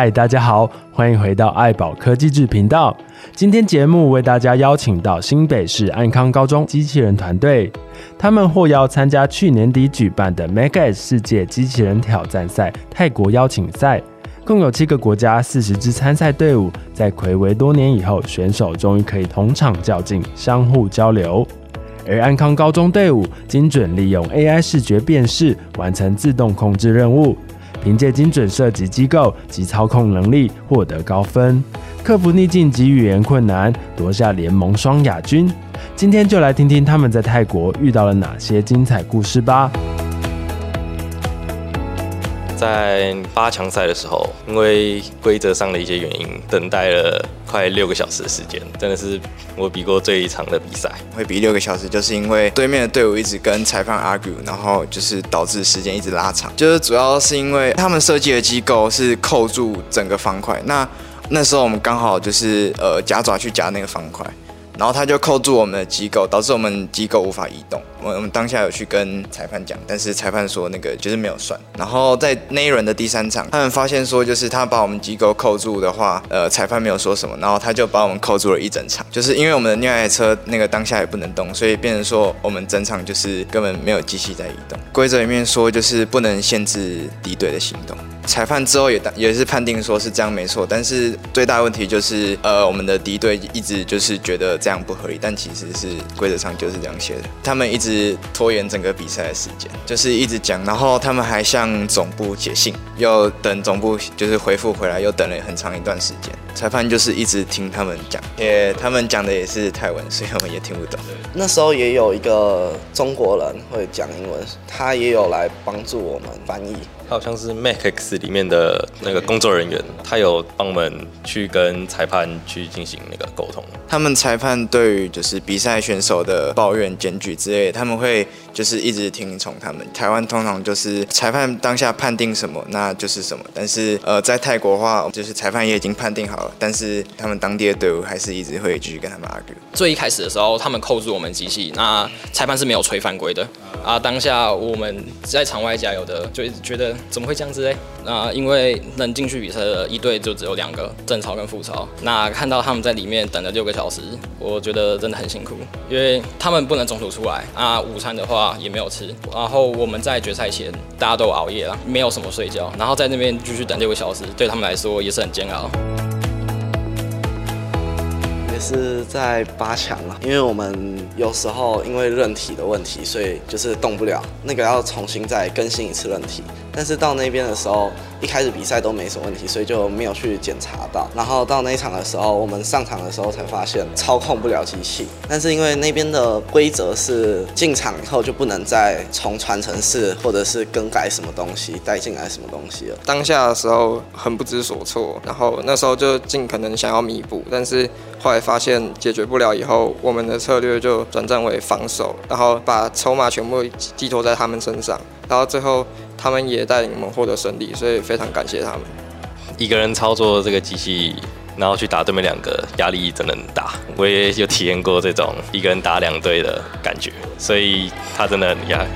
嗨，大家好，歡迎回到艾葆科技誌頻道。今天節目為大家邀請到新北市安康高中機器人團隊，他們獲邀參加去年底舉辦的 MakeX 世界機器人挑戰賽泰國邀請賽。共有七個國家四十支參賽隊伍，在暌違多年以後，選手終於可以同場較勁，相互交流。而安康高中隊伍精準利用 AI 視覺辨識，完成自動控制任務。憑借精準射擊機構及操控能力獲得高分，克服逆境及語言困難，奪下聯盟雙亞軍。今天就來聽聽他們在泰國遇到了哪些精彩故事吧。在八強賽的時候，因為規則上的一些原因，等待了快六個小時的時間，真的是我比過最長的比賽。會比六個小時，就是因為對面的隊伍一直跟裁判 argue，然後就是導致時間一直拉長。就是主要是因為他們設計的機構是扣住整個方塊，那那時候我們剛好就是呃夾爪去夾那個方塊，然後他就扣住我們的機構，導致我們機構無法移動。我，我們當下有去跟裁判講，但是裁判說那個就是沒有算。然後在那一輪的第三場，他們發現說，就是他把我們機構扣住的話，呃，裁判沒有說什麼，然後他就把我們扣住了一整場，就是因為我們的另外一台車那個當下也不能動，所以變成說我們整場就是根本沒有機器在移動。規則裡面說就是不能限制敵隊的行動，裁判之後也也也是判定說是這樣沒錯，但是最大問題就是呃，我們的敵隊一直就是覺得這樣不合理，但其實是規則上就是這樣寫的，他們一直，是拖延整個比賽的時間，就是一直講，然後他們還向總部寫信，又等總部就是回復回來，又等了很長一段時間。裁判就是一直聽他們講，也他們講的也是泰文，所以我們也聽不懂。對那時候也有一個中國人會講英文，他也有來幫助我們翻譯。他好像是 MakeX 裡面的那個工作人員，對他有幫我們去跟裁判去進行那個溝通。他們裁判對於就是比賽選手的抱怨、檢舉之類，他們會。就是一直聽從他們。台灣通常就是裁判當下判定什麼，那就是什麼。但是，呃，在泰國的話，就是裁判也已經判定好了，但是他們當地的隊伍還是一直會繼續跟他們 argue。最一開始的時候，他們扣住我們機器，那裁判是沒有吹犯規的。啊，當下我們在場外加油的，就一直覺得怎麼會這樣子呢？那、啊、因為能進去比賽的一隊就只有兩個正操跟副操。那看到他們在裡面等了六個小時，我覺得真的很辛苦，因為他們不能中途出來。啊，午餐的話。也沒有吃，然後我們在決賽前大家都熬夜了，沒有什麼睡覺，然後在那邊繼續等六個小時，對他們來說也是很煎熬。也是在八強了，因為我們有時候因為韌體的問題，所以就是動不了，那個要重新再更新一次韌體。但是到那邊的時候，一開始比賽都沒什麼問題，所以就沒有去檢查到。然後到那一場的時候，我們上場的時候才發現操控不了機器。但是因為那邊的規則是進場以後就不能再重傳程式或者是更改什麼東西帶進來什麼東西了。當下的時候很不知所措，然後那時候就盡可能想要彌補，但是後來發現解決不了以後，我們的策略就轉戰為防守，然後把籌碼全部寄託在他們身上，然後最後。他們也帶領我們獲得勝利，所以非常感謝他們。一個人操作這個機器，然後去打對面兩個，壓力真的很大。我也有體驗過這種一個人打兩隊的感覺，所以他真的很厲害。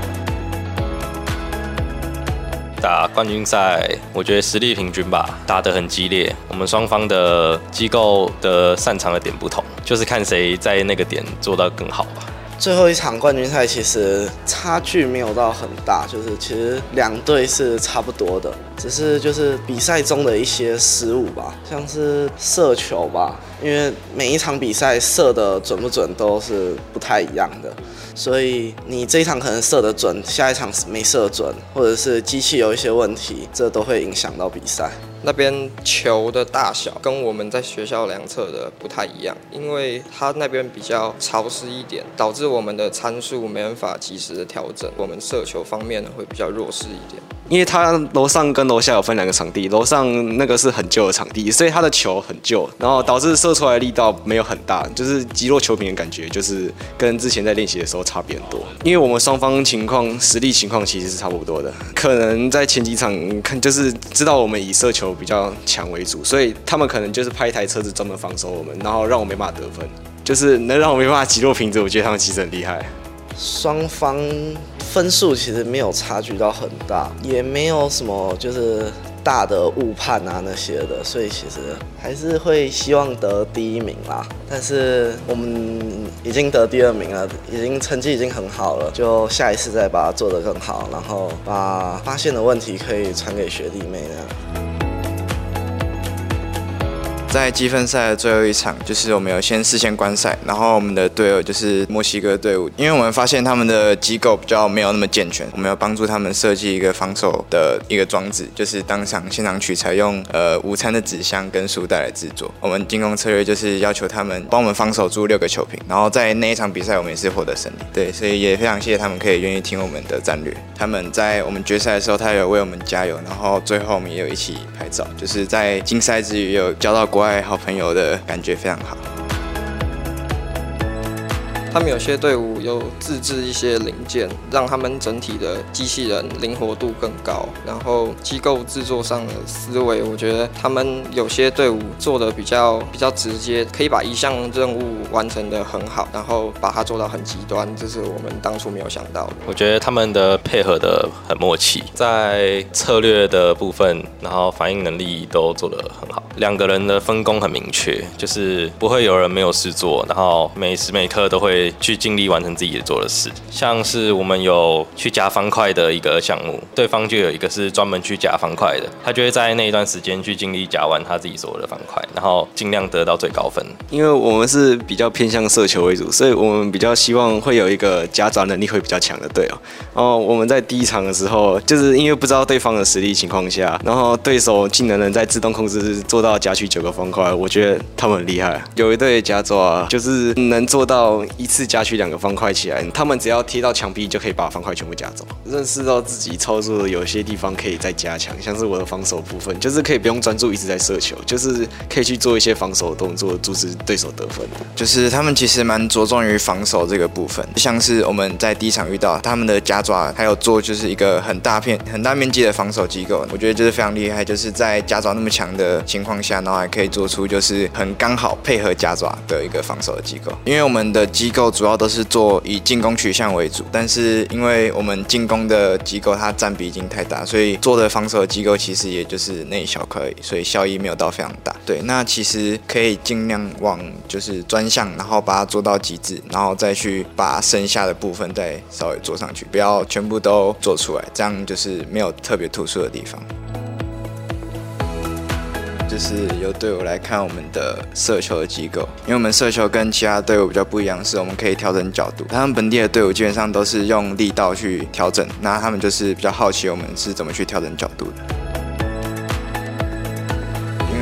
打冠軍賽，我覺得實力平均吧，打得很激烈。我們雙方的機構的擅長的點不同，就是看誰在那個點做到更好吧。最後一場冠軍賽，其實差距沒有到很大，就是其實兩隊是差不多的。只是就是比賽中的一些失誤吧，像是射球吧，因為每一場比賽射的準不準都是不太一樣的，所以你這一場可能射的準，下一場沒射準，或者是機器有一些問題，這都會影響到比賽。那邊球的大小跟我們在學校量測的不太一樣，因為它那邊比較潮濕一點，導致我們的參數沒辦法及時的調整，我們射球方面呢會比較弱勢一點。因為他樓上跟樓下有分兩個場地，樓上那個是很舊的場地，所以他的球很舊，然後導致射出來的力道沒有很大，就是擊落球瓶的感覺，就是跟之前在練習的時候差別很多。因為我們雙方情況實力情況其實是差不多的，可能在前幾場看就是知道我們以射球比較強為主，所以他們可能就是派一台車子專門防守我們，然後讓我沒辦法得分，就是能讓我沒辦法擊落瓶子，我覺得他們其實很厲害。雙方。分數其實沒有差距到很大，也沒有什麼就是大的誤判啊那些的，所以其實還是會希望得第一名啦。但是我們已經得第二名了，已經成績已經很好了，就下一次再把它做得更好，然後把發現的問題可以傳給學弟妹那樣。在積分賽的最後一場，就是我們有先事先觀賽，然後我們的隊友就是墨西哥隊伍，因為我們發現他們的機構比較沒有那麼健全，我們要幫助他們設計一個防守的一個裝置，就是當場現場取材用呃午餐的紙箱跟束帶來製作。我們進攻策略就是要求他們幫我們防守住六個球瓶，然後在那一場比賽我們也是獲得勝利。對，所以也非常謝謝他們可以願意聽我們的戰略。他們在我們決賽的時候，他有為我們加油，然後最後我們也有一起拍照，就是在競賽之餘有交到國外好朋友的感覺非常好。他們有些隊伍，又自製一些零件，讓他們整體的機器人靈活度更高。然後機構製作上的思維，我覺得他們有些隊伍做的比較比較直接，可以把一項任務完成的很好，然後把它做到很極端，這是我們當初沒有想到的。我覺得他們的配合的很默契，在策略的部分，然後反應能力都做得很好。兩個人的分工很明確，就是不會有人沒有事做，然後每時每刻都會去盡力完成自己做的事，像是我們有去夾方塊的一個項目，對方就有一個是專門去夾方塊的，他就會在那一段時間去盡力夾完他自己所有的方塊，然後盡量得到最高分。因為我們是比較偏向射球為主，所以我們比較希望會有一個夾抓能力會比較強的隊友哦。然後我們在第一場的時候，就是因為不知道對方的實力情況下，然後對手竟然能在自動控制是做到夾取九個方塊，我覺得他們很厲害。有一隊夾抓就是能做到一次夾取兩個方塊。快起來！他們只要貼到牆壁就可以把方塊全部夾走。認識到自己操作的有些地方可以再加強，像是我的防守的部分，就是可以不用專注一直在射球，就是可以去做一些防守動作阻止對手得分。就是他們其實蠻着重於防守這個部分，像是我們在第一場遇到他們的夾爪，還有做就是一個很大片、很大面積的防守機構，我覺得就是非常厲害。就是在夾爪那麼強的情況下，然後還可以做出就是很剛好配合夾爪的一個防守的機構。因為我們的機構主要都是做。以進攻取向為主，但是因為我們進攻的機構它占比已經太大，所以做的防守機構其實也就是那一小塊而已，所以效益沒有到非常大。對，那其實可以盡量往就是專項，然後把它做到極致，然後再去把剩下的部分再稍微做上去，不要全部都做出來，這樣就是沒有特別突出的地方。就是由隊友來看我們的射球的機構，因為我們射球跟其他隊伍比較不一樣，是我們可以調整角度。他們本地的隊伍基本上都是用力道去調整，那他們就是比較好奇我們是怎麼去調整角度的。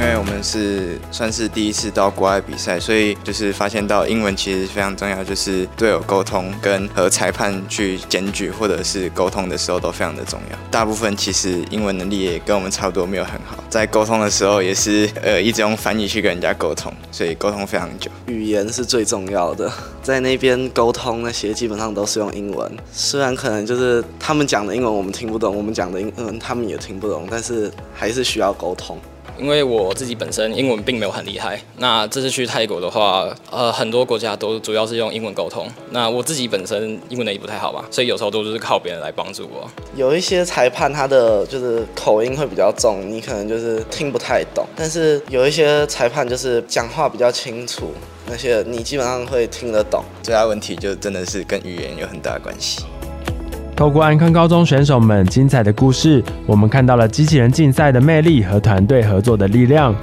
因為我們是算是第一次到國外比賽，所以就是發現到英文其實非常重要，就是隊友溝通跟和裁判去檢舉或者是溝通的時候都非常的重要。大部分其實英文能力也跟我們差不多，沒有很好。在溝通的時候也是呃一直用翻譯，去跟人家溝通，所以溝通非常久。語言是最重要的，在那邊溝通那些基本上都是用英文，雖然可能就是他們講的英文我們聽不懂，我們講的英文他們也聽不懂，但是還是需要溝通。因為我自己本身英文並沒有很厲害，那這次去泰國的話，呃，很多國家都主要是用英文溝通。那我自己本身英文能力不太好吧，所以有時候都就是靠別人來幫助我。有一些裁判他的就是口音會比較重，你可能就是聽不太懂；但是有一些裁判就是講話比較清楚，那些你基本上會聽得懂。最大問題就真的是跟語言有很大的關係。透過安康高中選手們精彩的故事，我們看到了機器人競賽的魅力和團隊合作的力量。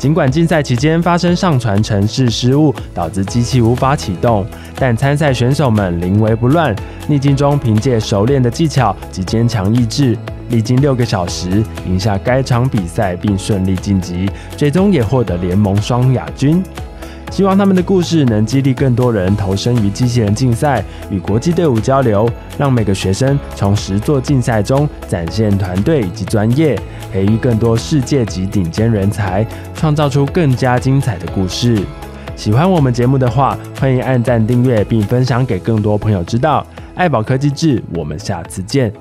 儘管競賽期間發生上傳程式失誤，導致機器無法啟動，但參賽選手們臨危不亂，逆境中憑借熟練的技巧及堅強意志，歷經六個小時，贏下該場比賽，並順利晉級，最終也獲得聯盟雙亞軍。希望他們的故事能激勵更多人投身於機器人競賽，與國際隊伍交流，讓每個學生從實作競賽中展現團隊以及專業，培育更多世界級頂尖人才，創造出更加精彩的故事。喜歡我們節目的話，歡迎按讚、訂閱並分享給更多朋友知道。艾葆科技誌，我們下次見。